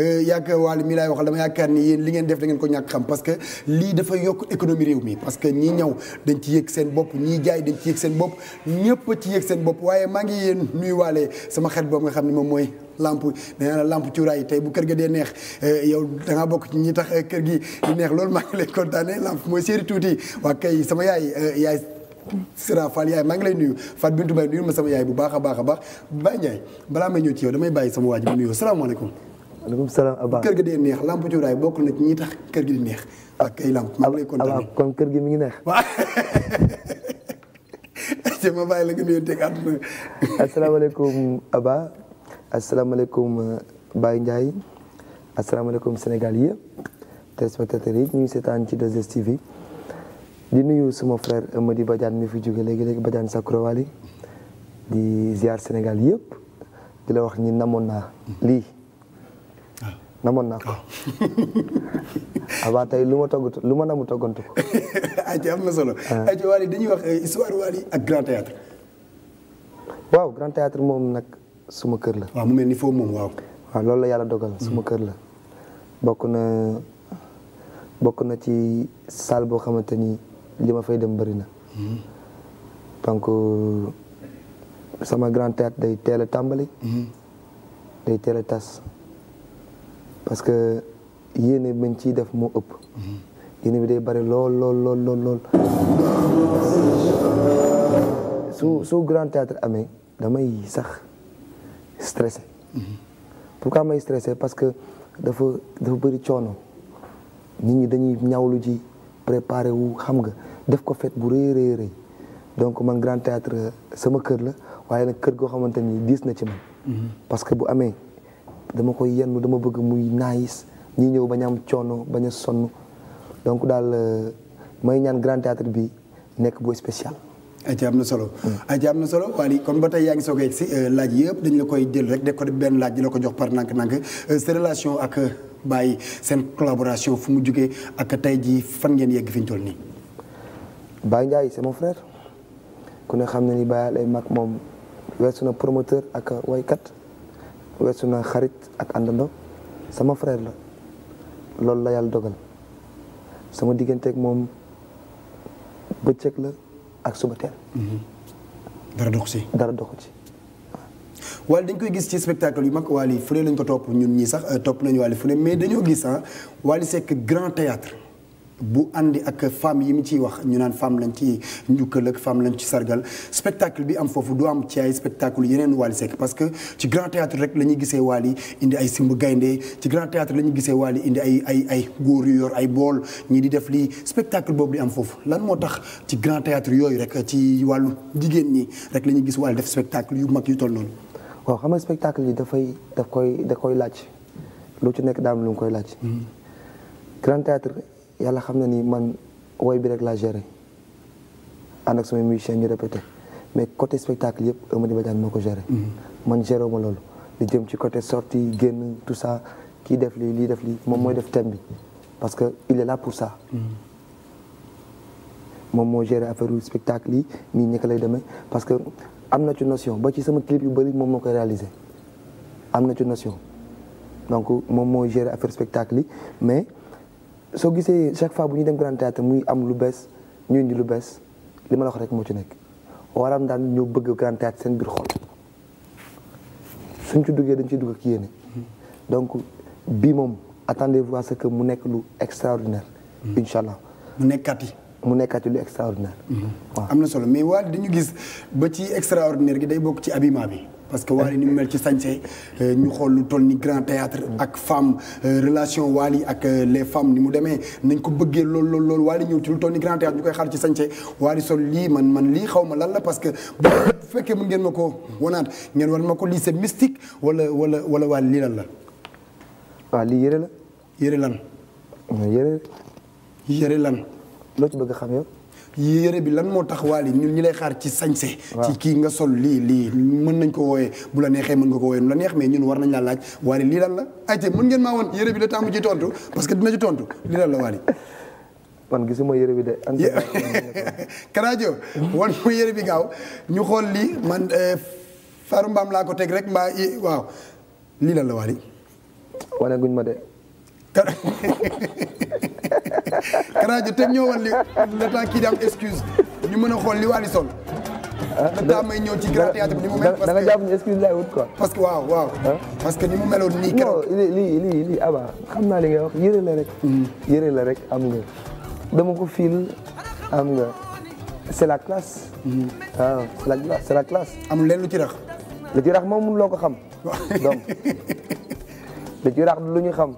Euh, yaakaar waal mi laay wax dama yaakaar ni yéen li ngeen def da ngeen ko ñàkk xam parce que lii dafa yokk économie réew mi parce que ñii ñëw dañ ci yëg seen bopp ñii jaay dañ ci yëg seen bopp ñëpp ci yëg seen bopp waaye maa ngi yéen nuyuwaale sama xarit boobu nga xam ne moom mooy lamp nee na lamp cuuraay tey bu kër ga dee neex euh, yow da bokk ci ñi tax euh, kër gi di neex loolu maa ngi lay kontaane lamp mooy séeri tuuti waa kay sama yaay yaay Sira Fall yaay maa ngi lay nuyu Fatou Bintou Mbaye nuyu ma sama yaay bu baax a baax a baax Baye Ndiaye balaa may ñëw ci yow damay bàyyi sama waa ji bu nuyoo salaamaaleykum salaam Abba kër gi day neex lamp cuuraay bokk na ci tax kër gi di neex. Ah. ak kay lamp maa ngi lay kontaanee kon kër gi mu ngi neex. waaw ayca ma bàyyi la nga nuyoo teg àdduna. asalaamaaleykum Abba yi ñu ngi seetaan ci 2STV di nuyu suma frère Amady Badiane mi fi jóge léegi léegi Badiane Sakkurawali di ziar Sénégal yëpp di la wax ñi namoon naa lii. namoon naa ko avant tey lu ma togg lu ma namu toggantu ko. ayca am na solo. ayca ah. Wally dañuy wax euh, histoire Wally ak grand théâtre waaw grand théâtre moom nag suma kër la. mu mel ni foofu moom waaw. loolu la yàlla dogal mm. suma kër la bokk na bokk na ci salle boo xamante ni li ma fay dem bëri na. Mm. donc euh, sama grand théâtre day teel a tàmbali. Mm. day teel a tas. parce que yéene bañ ciy def moo ëpp yéene bi day bari lool lool lool lool lool su su grand théâtre amee damay sax stressé pourquoi amee stressé parce que dafa dafa bëri coono nit ñi dañuy ñawlu ji préparé wu xam nga def ko fête bu rëy rëy donc man grand théâtre sama kër la waaye nag kër goo xamante ni diis na ci man mhm. parce que bu amee dama koy yenn dama bëgg muy naayis ñi ñëw bañ am coono bañ a sonn donc daal euh, may ñaan grand théâtre bi nekk bu spécial. ayca am na solo. Hmm. ayca am na solo Waly kon ba tey yaa ngi soog a yegg euh, laaj yëpp dañu la koy jël rek def ko benn laaj di la ko jox par nànk-nànk euh, sa relation ak bàyyi seen collaboration fu mu jugee ak tey jii fan ngeen yegg fi ñu toll nii. Baye Ndiaye c'est mon frère ku ne xam na ni Baye ay mag moom weesu na promoteur ak waykat. wesu naa xarit ak àndandoo sama frère la loolu la yàlla dogal sama digganteek moom bëccëg la ak suba teel. Mm-hmm. dara dox ci dara dox ci. waaye dañ koy gis ci spectacle yu mag Wally fu ne lañ ko topp ñun ñii sax eh, topp nañu Wally fu ne mais dañoo gis ah Wally Seck grand théâtre bu àndi ak femme yi mu ciy wax ñu naan femme lañ ci njukkal ak femme lañ ci sargal spectacle bi am foofu du am ci ay spectacle yeneen Wally Seck parce que ci grand théâtre rek la ñuy gisee Wally indi ay simb gaynde ci la ñuy gisee Wally indi ay ay ay góor yu yor ay bool ñii di def lii spectacle boobu di am foofu lan moo tax ci grand théâtre yooyu rek ci wàllu jigéen ñi rek la ñuy gis Wally def spectacle yu mag yu toll noonu. waaw xam nga spectacle yi dafay daf koy da koy laaj lu ci nekk daam lu mu koy laaj. Hmm. yàlla xam na ni man woy bi rek laa géré ànd ak samay musiciens ñu répété mais côté spectacle yëpp Eumeudi Badiane moo ko géré. Mm-hmm. man géré ma loolu li jëm ci côté sortie génn tout ça kii def lii lii def lii moom mooy mm-hmm. def thème bi parce que il e là pour ça. Mm-hmm. moom moo gére affaire yu spectacle yi ni ñi ko lay demee parce que am na ci notion ba ci sama clip yu bëri moom moo koy réalisé am na ci notion donc moom moo géré affaire spectacle yi soo gisee chaque fois bu ñuy dem grand théâtre muy am lu bees ñu indi lu bees li ma la wax rek moo ci nekk waram daan ñoo bëgg grand théâtre seen biir xol suñ ci duggee dañ ciy dugg ak yéene donc bii moom attendez-vous à ce que mu nekk lu extraordinaire mm-hmm. incha allah mu nekkaati mu nekkati lu extraordinaire mm-hmm. waaw am na solo mais waa dañu gis ba ci extraordinaire gi day bokk ci abima bi parce que Wally ni mu mel ci sañse euh, ñu xool lu toll ni grand théâtre ak femme euh, relation Wally ak euh, les femmes ni mu demee nañ ko bëggee lool lool lool Wally ñëw ci lu toll ni grand théâtre ñu koy xaar ci sañse Wally sol lii man man lii xaw ma lan la parce que bu fekkee mën ngeen ma ko wanaat ngeen wan ma ko lii c'est mystique wala wala wala lii lan la. waaw lii yëre la. yére lan. yëre. lan. loo ci bëgg xam yow. yére bi lan moo tax Wally ñun ñi lay xaar ci sañse ci kii nga sol lii lii mën nañ ko wooyee bu la neexee mën nga ko wooyee nu la neex mais ñun war nañ laa laaj Wally lii la ayte mën ngeen maa woon yére bi la tàmm ci tontu parce que dina ci tontu lii lan la Wally man gisuma yére bi de. Karajo wan yére bi gaaw ñu xool lii man eh, faru mbaam laa ko teg rek mbaa waaw lii lan la Wally. wane guñ ma de. Karajo te ñëwoon li le temps kii di excuse ñu mën a xool li Wally sol. le temps may ñëw ci grand théâtre bi ni mu mel. parce que da nga jàpp ni excuse lay wut quoi. parce que waaw waaw. parce que ni mu meloon nii keroog. non lii lii Aba xam naa li nga wax yëre la rek. Hmm. yëre la rek am nga dama ko fiil am nga c'est la classe. waaw hmm. ah, c'est la classe c'est la classe. amul leen lu ci rax. lu ci rax moom mënuloo ko xam. donc lu ci rax lu ñu xam.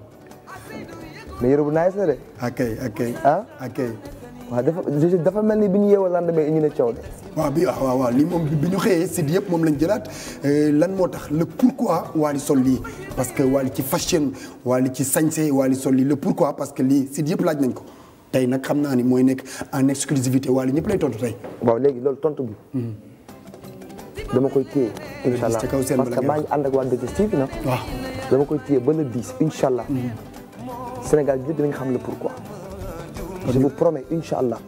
mais yére bu nice la de. ok ok ah ok. waaw dafa dafa mel ni bi ñu yeewoo lendemain ñu ne coow de. waaw bi waaw waaw waaw lii moom bi ñu xëyee si yëpp moom lañ jëlaat euh, lan moo tax le pourquoi Wally sol lii parce que Wally ci fashion Wally ci sañse Wally sol lii le pourquoi parce que lii si yëpp laaj nañ ko tey nag xam naa ni mooy nekk en exclusivité Wally ñëpp lay tontu tey. waaw léegi loolu tontu bi. Hmm. dama koy téye. incha allah parce que maa ngi ànd ak waa Dóor na. waaw dama koy téye ba le 10 incha allah. Hmm. Sénégal ñun dinañ xam le pourquoi. je vous promets incha allah.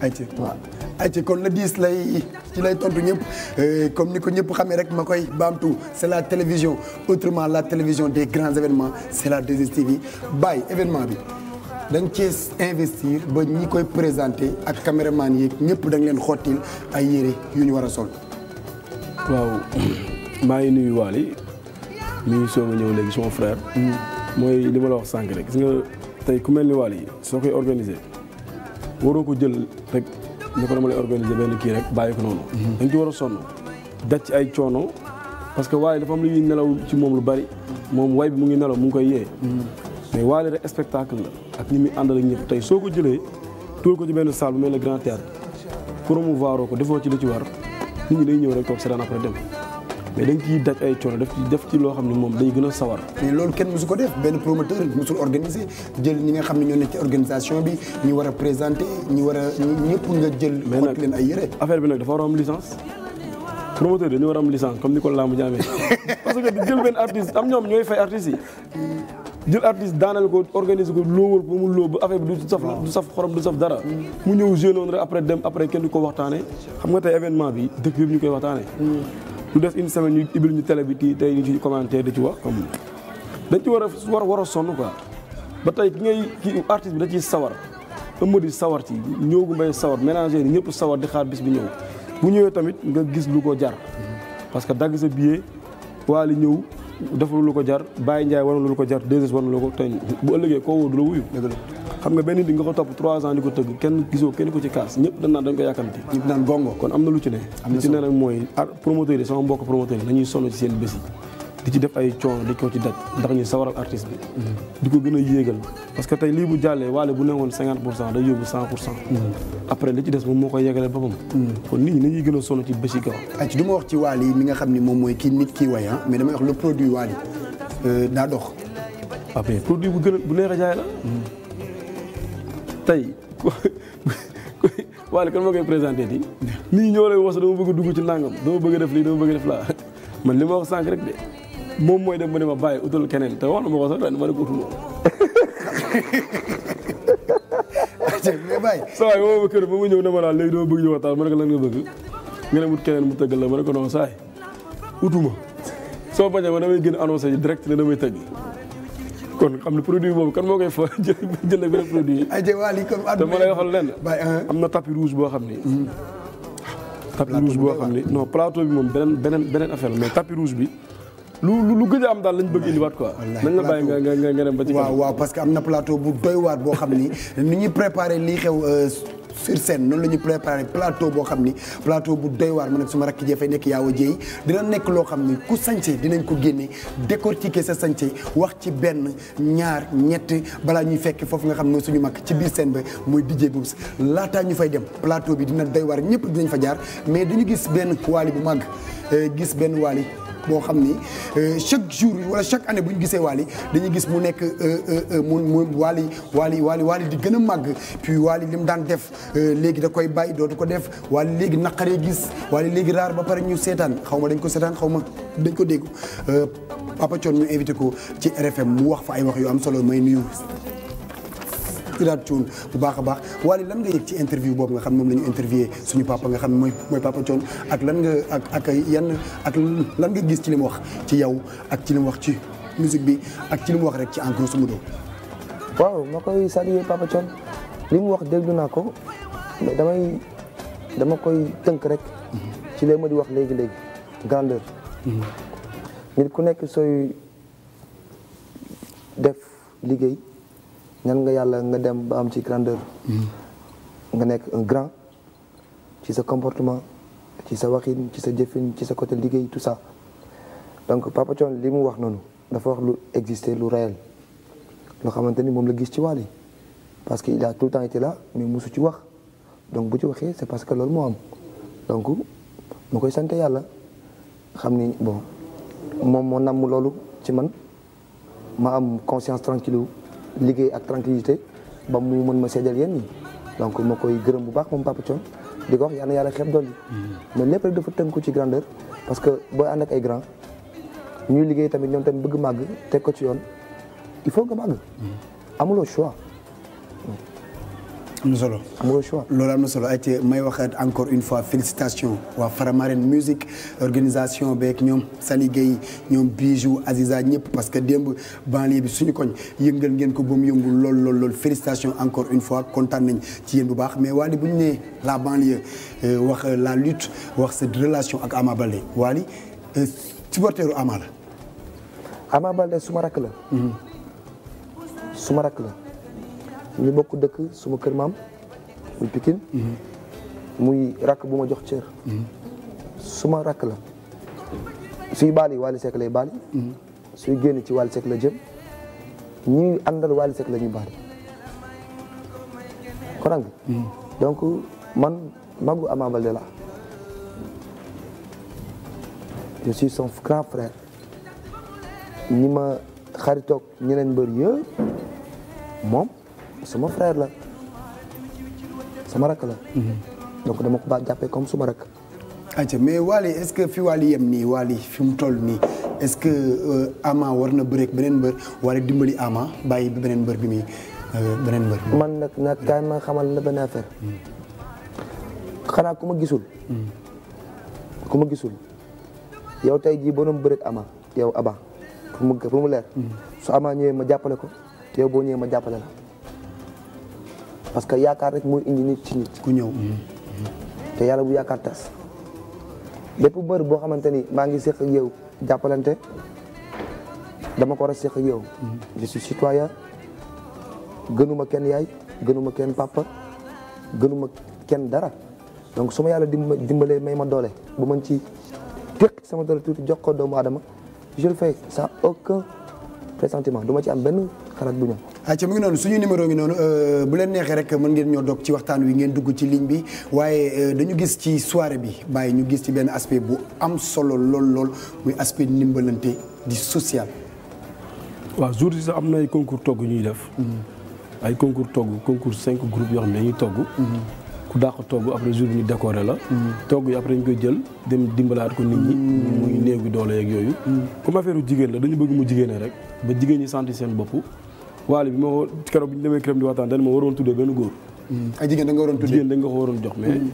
ayca waaw ayca kon le 10 lay ci lay tontu ñëpp euh, comme ni ko ñëpp xame rek ma koy baamtu c' est la télévision autrement la télévision des grands événements c' est la 2STV bàyyi événement bi. dañ cee investir ba ñi koy présenté ak caméraman yi ñëpp da nga leen xottil ay yére yu ñu war a sol. waaw maa ngi nuyu Waly mi ngi soog a ñëw son frère. Mm. mooy li ma la wax sànq rek nga tey ku mel ni Wally yi soo koy organiser waroo ko jël rek ni ko dama lay organiser benn kii rek bàyyi ko noonu. Mhm. dañu ci war a sonn daj ci ay coono parce que Wally dafa am lu ñuy nelaw ci moom lu bari moom way bi mu ngi nelaw mu ngi koy yee. Mhm. mais Wally rek spectacle ak ñi muy àndal ak ñëpp tey soo ko jëlee tuur ko ci benn salle bu mel ne grand théâtre promouvoir ko defoo ci li ci war nit ngi day ñëw rek toog seetaan après dem. mais dañ ciy daj ay coono daf def ci loo xam ne moom dañ gën a sawar mais loolu kenn su ko def benn promoteur mosul organiser jël ñi nga xam ne ñoo nekk ci organisation bi ñi war a présenter ñi war a ñëpp nga jël xot bi nag dafa war a am licence promoteur dañu war am licence comme ni ko laamu jaamee parce que jël benn artiste am ñoom ñooy fay artistes yi jël artiste daanal ko organiser ko loowal ba mu loo ba affaire bi du saf xorom du saf dara mu ñëw jeune noonu rek après dem après ko waxtaane xam nga tey événement bi dëkk lu def une semaine ñu ibil ñu télé bi ti tey ñu ci commenté da ci wax comme dañ ci war a war war a sonn quoi ba tey ki ngay ki artiste bi da ciy sawar di sawar ci ñëw gu mbay sawar ménager yi ñëpp sawar di xaar bis bi ñëw bu ñëwee tamit nga gis lu ko jar parce que dagg sa billet waa li ñëw defalu lu ko jar Baye Ndiaye wanalu lu ko jar 2 wana lu ko tey bu ëllëgee koo woo du la wuyu xam nga benn di nga ko topp trois ans di ko tëgg kenn gisoo kenn ko ci kaas ñëpp dañ naan dañ ko yàkkamti ñëpp naan gongo kon am na lu ci ne a yéegal parce lii bu jàllee waale bu newoon cinquante pour mm-hmm. moo mm-hmm. nit moom mooy kii nit kii way ah, mais damay wax le produit waal euh, daa dox waaw ah, produit bu gën bu neex a la mm-hmm. tey waaye kan ma koy présenté ti nii ñoo lay wasa dama bëgg dugg ci nàngam dama bëgg a def lii dama bëgg a def laa man li ma sànq rek moom mooy dem ba ne ma bàyyi utal keneen te wax na ma ko sax ren ma ne ko utuma saa yi moom kër ba ma ñëw ne ma daal léegi dama bëgg ñu waxtaan ma ne ko lan nga bëgg nga ne mut keneen mu tëggal la ma ne ko non saa yi utuma soo bañee ma damay gën annoncé yi direct ne damay tëgg kon xam ne produit boobu kan moo koy fa jëlee benn produit. ay jëwaale yi comme at. te ma lay waxal lenn am na tapis rouge boo xam ni. Hmm. tapis rouge boo xam ni non plateau bi moom beneen beneen beneen affaire mais tapis rouge bi. lu lu gëj a am daal lañ bëgg indiwaat quoi. nañ la nga nga nga dem ba ci. waaw waaw parce que am na plateau bu doy waar boo xam ni ni ñuy préparé lii xew. Euh, sur scène noonu la ñu préparé plateau boo xam ni plateau bu doy waar man nag suma rakk jee fay nekk yaaw a jéey dina nekk loo xam ni ku sañse dinañ ko génne décortiquer sa sañse wax ci benn ñaar ñett balaa ñuy fekk foofu nga xam ne suñu mag ci biir scène ba mooy DJ Boubs laataa ñu fay dem plateau bi dina doy waar ñëpp dinañ fa jaar mais duñu gis benn waali bu màgg euh, gis benn waali boo xam ni euh, chaque jour wala chaque année bu ñu gisee Wally dañuy gis mu nekk euh, euh, mu mu Wally Wally Wally Wally di gën a màgg puis Wally li mu daan def léegi da koy bàyyi dootu ko def Wally léegi naqaree gis Wally léegi raar ba pare ñu seetaan xaw ma dañ ko seetaan xaw ma dañ ko dégg Papa Thione ñu invité ko ci RFM mu wax fa ay wax yu am solo may nuyu Ilaat Cuun bu baax a baax Wally lan nga yëg ci interview boobu nga xam moom nañu ñu interviewé suñu papa nga xam ne mooy mooy papa Thione ak lan nga ak ak yan ak lan nga gis ci li mu wax ci yow ak ci li wax ci musique bi ak ci li mu wax rek ci en grosso modo. waaw ma koy saluer papa Thione li mu wax déglu naa ko damay dama koy tënk rek. ci lee ma di wax léegi léegi grandeur. Mhm. nit ku nekk sooy def liggéey. ñan nga yàlla nga dem ba am ci grandeur. Hmm. nga nekk un grand ci sa comportement ci sa waxin ci sa jëfin ci sa côté liggéey tout ça donc Papa Thione li mu wax noonu dafa wax lu exister lu réel loo xamante ni moom la gis ci Wally parce que il a tout le temps été la mais mosu ci wax donc bu ci waxee c'est parce que loolu moo am donc ma koy sant yàlla xam ni bon moom moo namm loolu ci man ma am conscience tranquille liggéey ak tranquillité ba mu mën ma seddal yéen ñi donc ma koy gërëm bu baax moom Papa Thion di ko wax yal na yàlla xeeb dolli mm-hmm. mais lépp rek ten tënku ci grandeur parce que booy ànd ak ay grand ñuy liggéey tamit ñoom tamit bëgg màgg teg ko ci yoon il faut nga màgg mm-hmm. amuloo choix am na solo mooy choix loolu am na solo may waxaat encore une fois félicitations waa Faramaren musique organisation beek ñoom Sali Gueye ñoom Bijou Aziza ñëpp parce que démb banlieue bi suñu koñ yëngal ngeen ko ba mu yëngul lool lool lool encore une fois kontaan nañ ci yéen bu baax mais Wally bu ñu nee la banlieue euh, wax la lutte wax cette relation ak Ama Baldé Wally euh, supporteru Ama la. Ama Baldé suma rakk la. Mhm. suma rakk la. ñu bokk dëkk suma kër maam muy Pikine muy rakk bu ma jox cër suma rakk la suy baali Wally Seck lay baali suy génn ci Wally Seck la jëm ñuy àndal Wally Seck la ñuy baali donc man magu Ama Baldé la je suis son grand frère ñi ma xaritoog ñeneen mbër yëpp moom suma frère la sama rakk la. donc dama ko ba jàppee comme suma rakk. ayca mais Wally est-ce que fi Wally yem nii Wally fi mu toll nii est-ce que euh, Ama war na bëreek beneen mbër wala dimbali Ama bàyyi beneen mbër bi muy euh, beneen mbër. man na nag kaay ma xamal la benn affaire. xanaa ku ma gisul. Hmm. ku ma gisul yow tey jii boo doon bëreek Ama yow Aba pour mu mu leer. Hmm. su amaa ñëwee ma jàppale ko yow boo ñëwee ma jàppale la. parce que yaakaar rek mooy indi nit ci nit. ku ñëw. te yàlla bu yaakaar tas bépp mbër boo xamante ni maa ngi séq ak yow jàppalante dama ko war a séq ak yow. Mm-hmm. je suis citoyen kenn yaay gënuma kenn papa gënuma kenn dara donc su ma yàlla dimbalee may ma doole bu mën ci teq sama doole tuuti jox ko doomu aadama je le fais sans aucun pressentiment du ma ci am benn xalaat bu ñëw. ayca mu ngi noonu suñu numéro ngi noonu euh, bu leen neexee rek mën ngeen ñoo dog ci waxtaan wi ngeen dugg ci ligne bi waaye euh, dañu gis ci soire bi bàyyi ñu gis ci benn aspect bu am solo lool lool muy aspect ndimbalante di social. waa jour bi sax am na ay concours togg ñuy def. Mm-hmm. ay concours togg concours cinq groupes yoo xam ne dañuy togg. Mm-hmm. ku dàq togg après jour ñu décoré la. Mm-hmm. togg yi après ñu koy jël dem dimbalaat ko nit ñi. muy néew doole yeeg yooyu. comme affaire jigéen la dañu bëgg mu jigéene rek ba jigéen ñi sentir seen bopp. waalo bi moo ko keroog bi ñu demee këram di waxtaan dañ ma waroon tuddee benn góor. Mm. ay jigéen da nga waroon tuddee jigéen da nga jox mais. Mm.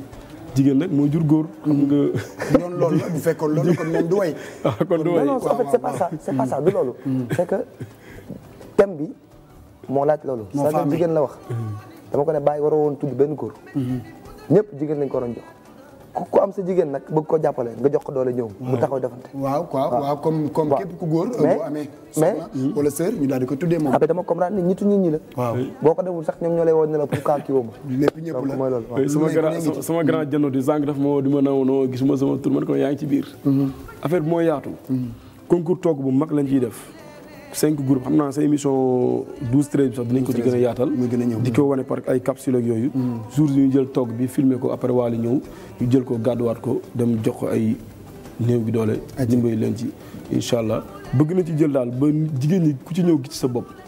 jigéen nag moo jur góor. xam nga. Mm. loolu bu fekkoon kon moom du way. Ah, kon du way non non en fait c'est pas ça c'est pas ça du loolu. c'est que thème bi moo laaj loolu. moo jigéen la wax. dama ko ne bàyyi waroo woon tudd benn góor. ñëpp jigéen lañ ko waroon jox. ku am sa jigéen nag bëgg ko jàppalee nga jox ko doole ñëw. mu taxaw defante. waaw waaw waaw comme comme képp ku góor. amee soxna hmm. wala sœur ñu daal ko tuddee moom. après dama comprendre ni ñitu nit ñi la. boo ko deful sax ñoom ñoo lay woon ne la pour kaa kii woo ma. lépp ñëpp la mooy loolu. sama grand sama grand jënd di ma woo di ma nawoonoo gisuma sama tur ko yaa ngi ci biir. Hmm. affaire bi moo yaatu. Hmm. concours toog bu mag lañ ciy def. cinq groupes xam naa sa émission douze treize bi sax dinañ ko ci gën a yaatal di ko wane par ay capsule ak yooyu mm. jours yi ñu jël toog bi filmer ko après waali ñëw ñu jël ko gàdduwaat ko dem jox ko ay néew bi doole dimbali leen ci incha allah bëgg na ci jël daal ba jigéen ñi ku ci ñëw ci sa bopp